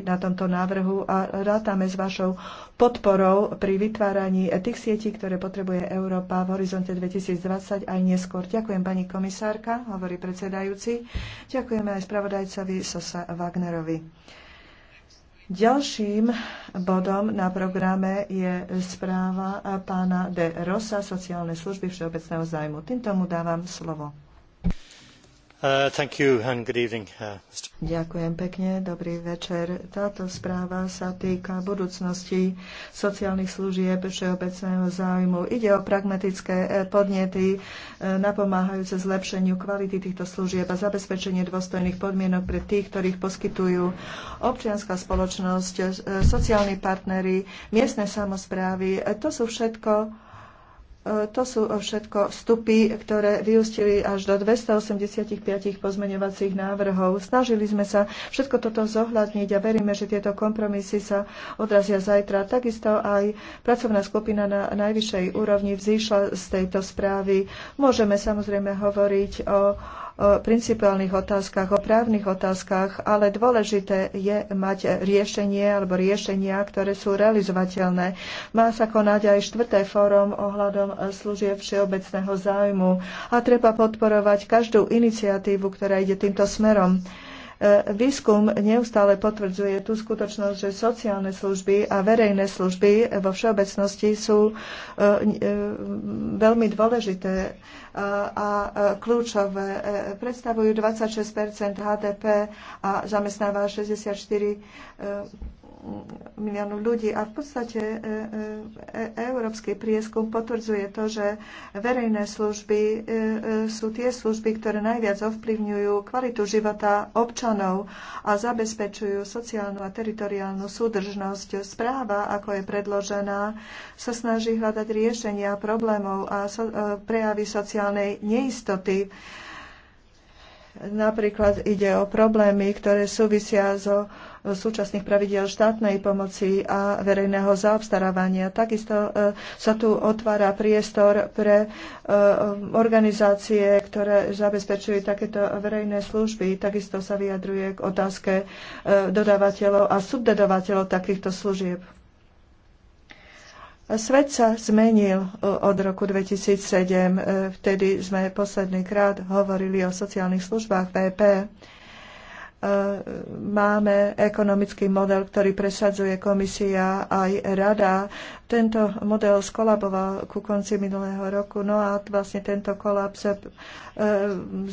na tomto návrhu a rátame s vašou podporou pri vytváraní tých sietí, ktoré potrebuje Európa v horizonte 2020 aj neskôr. Ďakujem pani komisárka, hovorí predsedajúci. Ďakujeme aj spravodajcovi Sosa Wagnerovi. Ďalším bodom na programe je správa pána de Rosa, sociálne služby všeobecného zájmu. Týmto mu dávam slovo. Uh, uh, Ďakujem pekne, dobrý večer. Táto správa sa týka budúcnosti sociálnych služieb všeobecného záujmu. Ide o pragmatické eh, podnety eh, napomáhajúce zlepšeniu kvality týchto služieb a zabezpečenie dôstojných podmienok pre tých, ktorých poskytujú občianská spoločnosť, eh, sociálni partnery, miestne samozprávy. To sú všetko to sú všetko vstupy, ktoré vyústili až do 285 pozmeňovacích návrhov. Snažili sme sa všetko toto zohľadniť a veríme, že tieto kompromisy sa odrazia zajtra. Takisto aj pracovná skupina na najvyššej úrovni vzýšla z tejto správy. Môžeme samozrejme hovoriť o o principiálnych otázkach, o právnych otázkach, ale dôležité je mať riešenie alebo riešenia, ktoré sú realizovateľné. Má sa konať aj štvrté fórum ohľadom služieb všeobecného záujmu a treba podporovať každú iniciatívu, ktorá ide týmto smerom. E, výskum neustále potvrdzuje tú skutočnosť, že sociálne služby a verejné služby vo všeobecnosti sú e, e, veľmi dôležité a kľúčové. Predstavujú 26 HDP a zamestnáva 64 miliónov ľudí. A v podstate e, e, e, európsky prieskum potvrdzuje to, že verejné služby sú tie služby, ktoré najviac ovplyvňujú kvalitu života občanov a zabezpečujú sociálnu a teritoriálnu súdržnosť. Správa, ako je predložená, sa snaží hľadať riešenia problémov a prejavy sociálnej neistoty. Napríklad ide o problémy, ktoré súvisia so e, súčasných pravidiel štátnej pomoci a verejného zaobstarávania. Takisto e, sa tu otvára priestor pre e, organizácie, ktoré zabezpečujú takéto verejné služby. Takisto sa vyjadruje k otázke dodávateľov a subdodávateľov takýchto služieb. Svet sa zmenil e, od roku 2007, e, vtedy sme posledný krát hovorili o sociálnych službách VP. E, máme ekonomický model, ktorý presadzuje komisia aj rada. Tento model skolaboval ku konci minulého roku, no a vlastne tento kolaps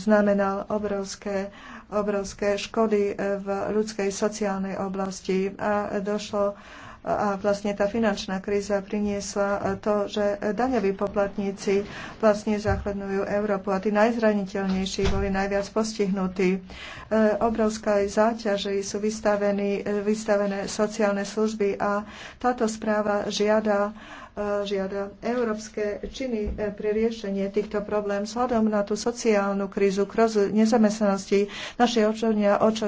znamenal obrovské obrovské škody v ľudskej sociálnej oblasti a došlo a vlastne tá finančná kríza priniesla e, to, že daňoví poplatníci vlastne zachraňujú Európu a tí najzraniteľnejší boli najviac postihnutí. E, obrovská záťaži sú vystavení, e, vystavené sociálne služby a táto správa žiada žiada európske činy pre riešenie týchto problém vzhľadom na tú sociálnu krízu, krozu nezamestnanosti. Naši občania o čo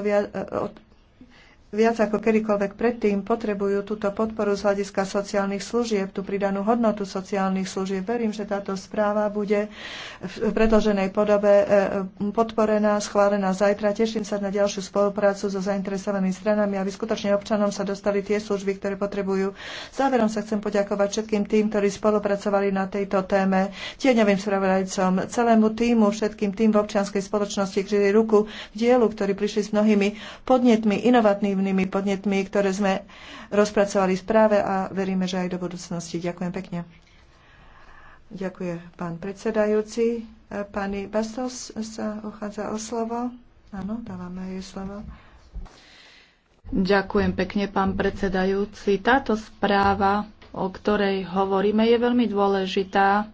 viac ako kedykoľvek predtým potrebujú túto podporu z hľadiska sociálnych služieb, tú pridanú hodnotu sociálnych služieb. Verím, že táto správa bude v predloženej podobe e, podporená, schválená zajtra. Teším sa na ďalšiu spoluprácu so zainteresovanými stranami, aby skutočne občanom sa dostali tie služby, ktoré potrebujú. Záverom sa chcem poďakovať všetkým tým, ktorí spolupracovali na tejto téme, tieňovým spravodajcom, celému týmu, všetkým tým v občianskej spoločnosti, ktorí ruku k dielu, ktorí prišli s mnohými podnetmi, inovatívnymi pozitívnymi podnetmi, ktoré sme rozpracovali v správe a veríme, že aj do budúcnosti. Ďakujem pekne. Ďakujem pán predsedajúci. Pani Bastos sa uchádza o slovo. Áno, dávame jej slovo. Ďakujem pekne, pán predsedajúci. Táto správa, o ktorej hovoríme, je veľmi dôležitá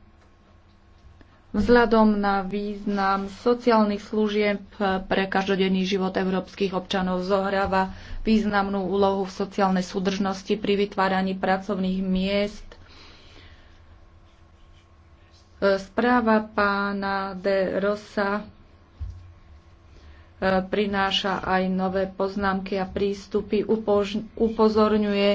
vzhľadom na význam sociálnych služieb pre každodenný život európskych občanov zohráva významnú úlohu v sociálnej súdržnosti pri vytváraní pracovných miest. E, správa pána de Rosa e, prináša aj nové poznámky a prístupy, upozorňuje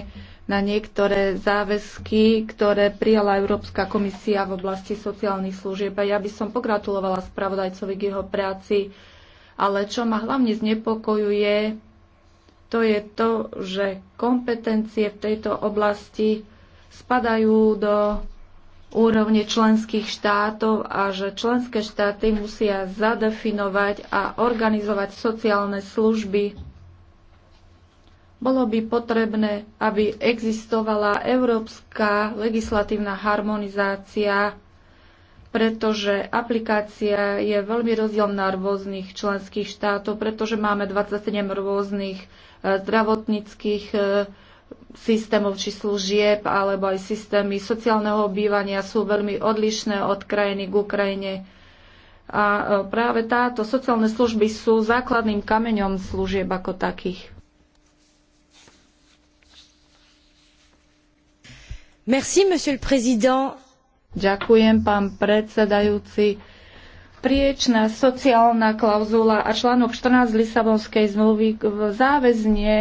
na niektoré záväzky, ktoré prijala Európska komisia v oblasti sociálnych služieb. A ja by som pogratulovala spravodajcovi k jeho práci, ale čo ma hlavne znepokojuje, to je to, že kompetencie v tejto oblasti spadajú do úrovne členských štátov a že členské štáty musia zadefinovať a organizovať sociálne služby. Bolo by potrebné, aby existovala európska legislatívna harmonizácia pretože aplikácia je veľmi rozdielna rôznych členských štátov, pretože máme 27 rôznych e, zdravotníckých e, systémov či služieb, alebo aj systémy sociálneho obývania sú veľmi odlišné od krajiny k Ukrajine. A e, práve táto sociálne služby sú základným kameňom služieb ako takých. Merci, monsieur le président. Ďakujem, pán predsedajúci. Priečná sociálna klauzula a článok 14 Lisabonskej zmluvy záväzne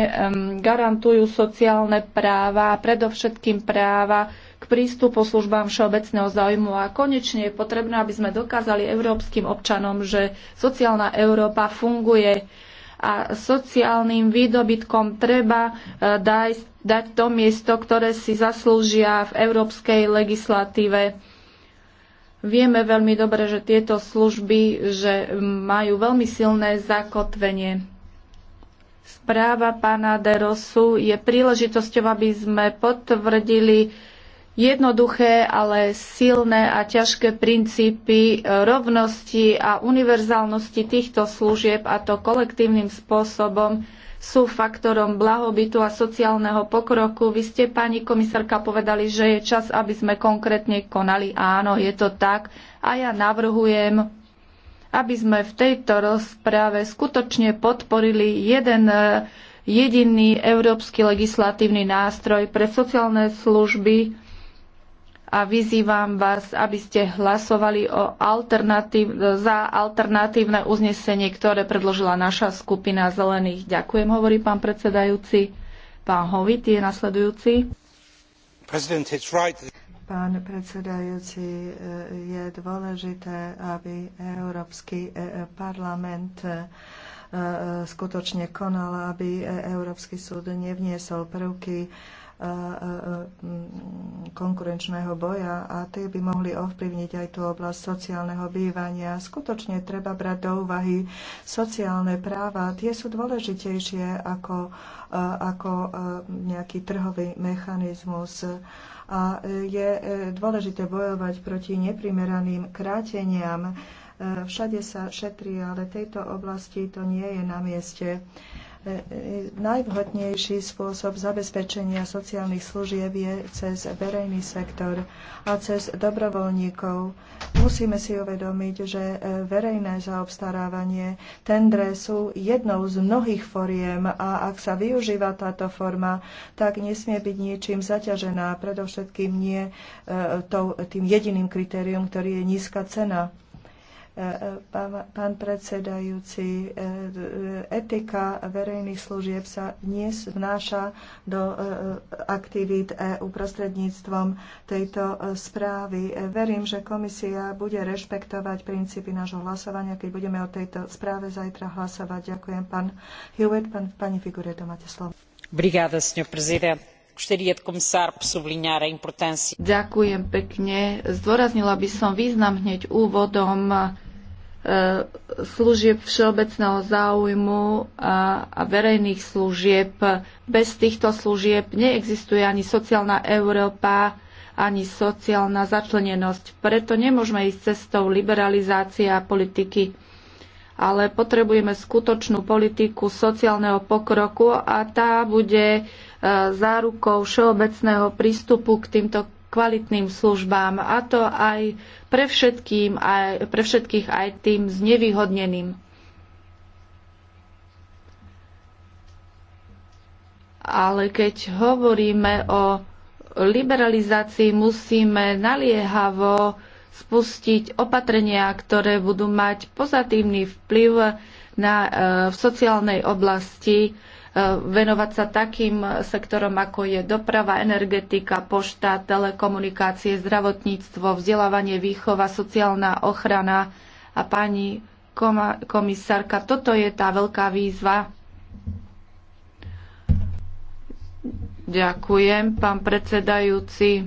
garantujú sociálne práva, predovšetkým práva k prístupu službám všeobecného záujmu a konečne je potrebné, aby sme dokázali európskym občanom, že sociálna Európa funguje a sociálnym výdobytkom treba eh, dať dať to miesto, ktoré si zaslúžia v európskej legislatíve. Vieme veľmi dobre, že tieto služby že majú veľmi silné zakotvenie. Správa pána Derosu je príležitosťou, aby sme potvrdili jednoduché, ale silné a ťažké princípy rovnosti a univerzálnosti týchto služieb a to kolektívnym spôsobom, sú faktorom blahobytu a sociálneho pokroku. Vy ste, pani komisárka, povedali, že je čas, aby sme konkrétne konali. Áno, je to tak. A ja navrhujem, aby sme v tejto rozprave skutočne podporili jeden e, jediný európsky legislatívny nástroj pre sociálne služby, a vyzývam vás, aby ste hlasovali o alternatív, za alternatívne uznesenie, ktoré predložila naša skupina zelených. Ďakujem, hovorí pán predsedajúci. Pán Hovit je nasledujúci. Pán predsedajúci, je dôležité, aby Európsky e, e, parlament e, skutočne konal, aby Európsky súd nevniesol prvky Mm, konkurenčného boja a tie by mohli ovplyvniť aj tú oblasť sociálneho bývania. Skutočne treba brať do úvahy sociálne práva. Tie sú dôležitejšie ako, ako nejaký trhový mechanizmus a je e, dôležité bojovať proti neprimeraným kráteniam. E, všade sa šetrí, ale tejto oblasti to nie je na mieste najvhodnejší spôsob zabezpečenia sociálnych služieb je cez verejný sektor a cez dobrovoľníkov. Musíme si uvedomiť, že e, verejné zaobstarávanie tendre sú jednou z mnohých foriem a ak sa využíva táto forma, tak nesmie byť ničím zaťažená, predovšetkým nie e, tým jediným kritérium, ktorý je nízka cena. Pán predsedajúci, eh, etika verejných služieb sa dnes vnáša do eh, aktivít EU prostredníctvom tejto eh, správy. Verím, že komisia bude rešpektovať princípy nášho hlasovania, keď budeme o tejto správe zajtra hlasovať. Ďakujem, pán Hewitt. Pán, pani to máte slovo. Ďakujem pekne. Zdôraznila by som význam hneď úvodom E, služieb všeobecného záujmu a, a verejných služieb. Bez týchto služieb neexistuje ani sociálna Európa, ani sociálna začlenenosť. Preto nemôžeme ísť cestou liberalizácia politiky, ale potrebujeme skutočnú politiku sociálneho pokroku a tá bude e, zárukou všeobecného prístupu k týmto kvalitným službám a to aj pre, všetkým, aj pre všetkých aj tým znevýhodneným. Ale keď hovoríme o liberalizácii, musíme naliehavo spustiť opatrenia, ktoré budú mať pozitívny vplyv na, e, v sociálnej oblasti venovať sa takým sektorom, ako je doprava, energetika, pošta, telekomunikácie, zdravotníctvo, vzdelávanie, výchova, sociálna ochrana. A pani komisárka, toto je tá veľká výzva. Ďakujem, pán predsedajúci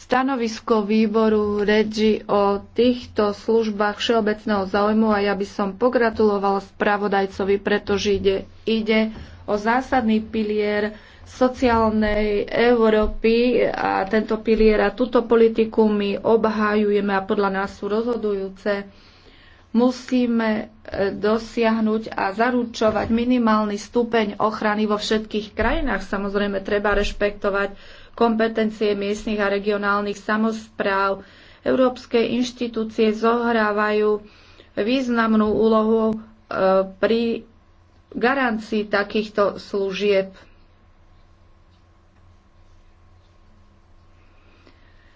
stanovisko výboru reči o týchto službách všeobecného záujmu a ja by som pogratulovala spravodajcovi, pretože ide, ide o zásadný pilier sociálnej Európy a tento pilier a túto politiku my obhájujeme a podľa nás sú rozhodujúce. Musíme e, dosiahnuť a zaručovať minimálny stupeň ochrany vo všetkých krajinách. Samozrejme, treba rešpektovať kompetencie miestnych a regionálnych samozpráv. Európske inštitúcie zohrávajú významnú úlohu e, pri garancii takýchto služieb.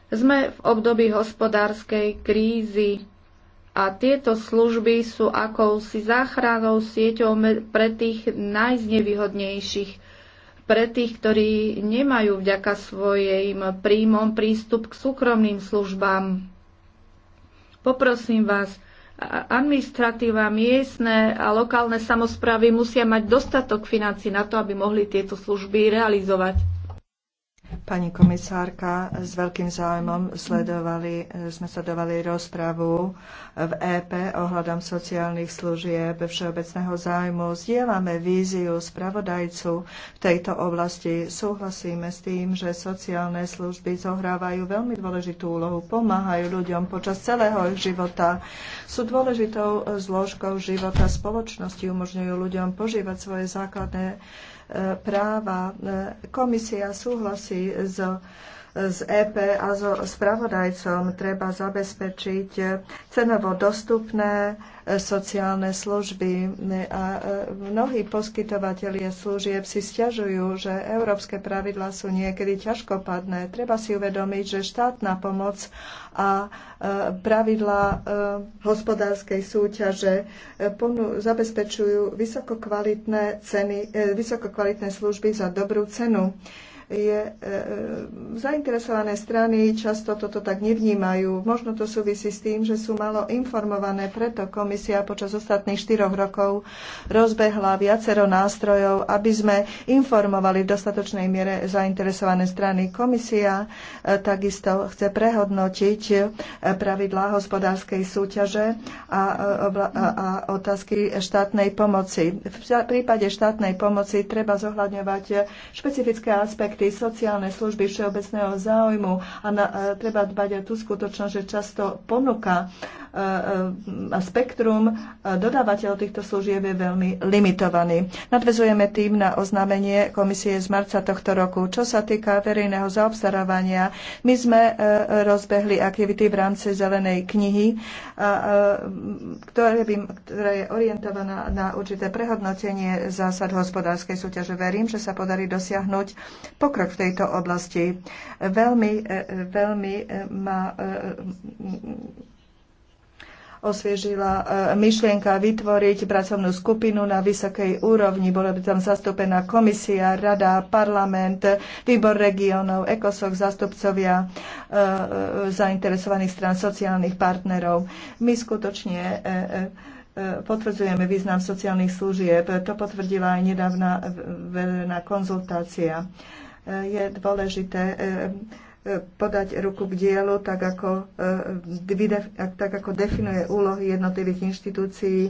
Sme v období hospodárskej krízy a tieto služby sú akousi záchranou sieťou pre tých najznevýhodnejších pre tých, ktorí nemajú vďaka svojim príjmom prístup k súkromným službám. Poprosím vás, administratíva, miestne a lokálne samozprávy musia mať dostatok financí na to, aby mohli tieto služby realizovať. Pani komisárka, s veľkým záujmom sledovali, eh, sme sledovali rozpravu v EP ohľadom sociálnych služieb všeobecného záujmu. Zdieľame víziu spravodajcu v tejto oblasti. Súhlasíme s tým, že sociálne služby zohrávajú veľmi dôležitú úlohu, pomáhajú ľuďom počas celého ich života. Sú dôležitou zložkou života spoločnosti, umožňujú ľuďom požívať svoje základné práva. Komisia súhlasí s z EP a so spravodajcom treba zabezpečiť cenovo dostupné e, sociálne služby. E, a e, mnohí poskytovatelia služieb si stiažujú, že európske pravidlá sú niekedy ťažkopadné. Treba si uvedomiť, že štátna pomoc a pravidlá hospodárskej súťaže zabezpečujú vysokokvalitné, ceny, vysokokvalitné služby za dobrú cenu je, e, e, zainteresované strany často toto tak nevnímajú. Možno to súvisí s tým, že sú malo informované, preto komisia počas ostatných štyroch rokov rozbehla viacero nástrojov, aby sme informovali v dostatočnej miere zainteresované strany. Komisia e, takisto chce prehodnotiť pravidlá hospodárskej súťaže a, a otázky štátnej pomoci. V prípade štátnej pomoci treba zohľadňovať špecifické aspekty projekty, sociálne služby všeobecného záujmu a na, e, treba dbať aj tú skutočnosť, že často ponuka a spektrum dodávateľov týchto služieb je veľmi limitovaný. Nadvezujeme tým na oznámenie komisie z marca tohto roku. Čo sa týka verejného zaobstarávania, my sme e, rozbehli aktivity v rámci zelenej knihy, ktoré ktorá je orientovaná na určité prehodnotenie zásad hospodárskej súťaže. Verím, že sa podarí dosiahnuť pokrok v tejto oblasti. Veľmi, e, veľmi e, ma osviežila e, myšlienka vytvoriť pracovnú skupinu na vysokej úrovni. Bola by tam zastúpená komisia, rada, parlament, výbor regionov, ECOSOC, zastupcovia e, e, zainteresovaných stran sociálnych partnerov. My skutočne potvrdzujeme význam sociálnych služieb. To potvrdila aj nedávna verejná konzultácia. Je dôležité podať ruku k dielu, tak ako, e, tak ako definuje úlohy jednotlivých inštitúcií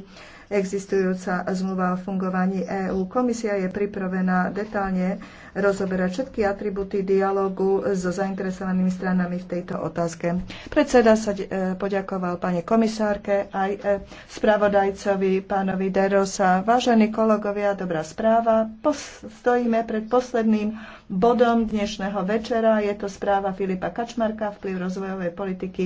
existujúca zmluva o fungovaní EÚ. Komisia je pripravená detálne rozoberať všetky atributy dialogu so zainteresovanými stranami v tejto otázke. Predseda sa e, poďakoval pani komisárke aj e, spravodajcovi pánovi Derosa. Vážení kolegovia, dobrá správa. Stojíme pred posledným bodom dnešného večera. Je to správa správa Filipa Kačmarka, vplyv rozvojovej politiky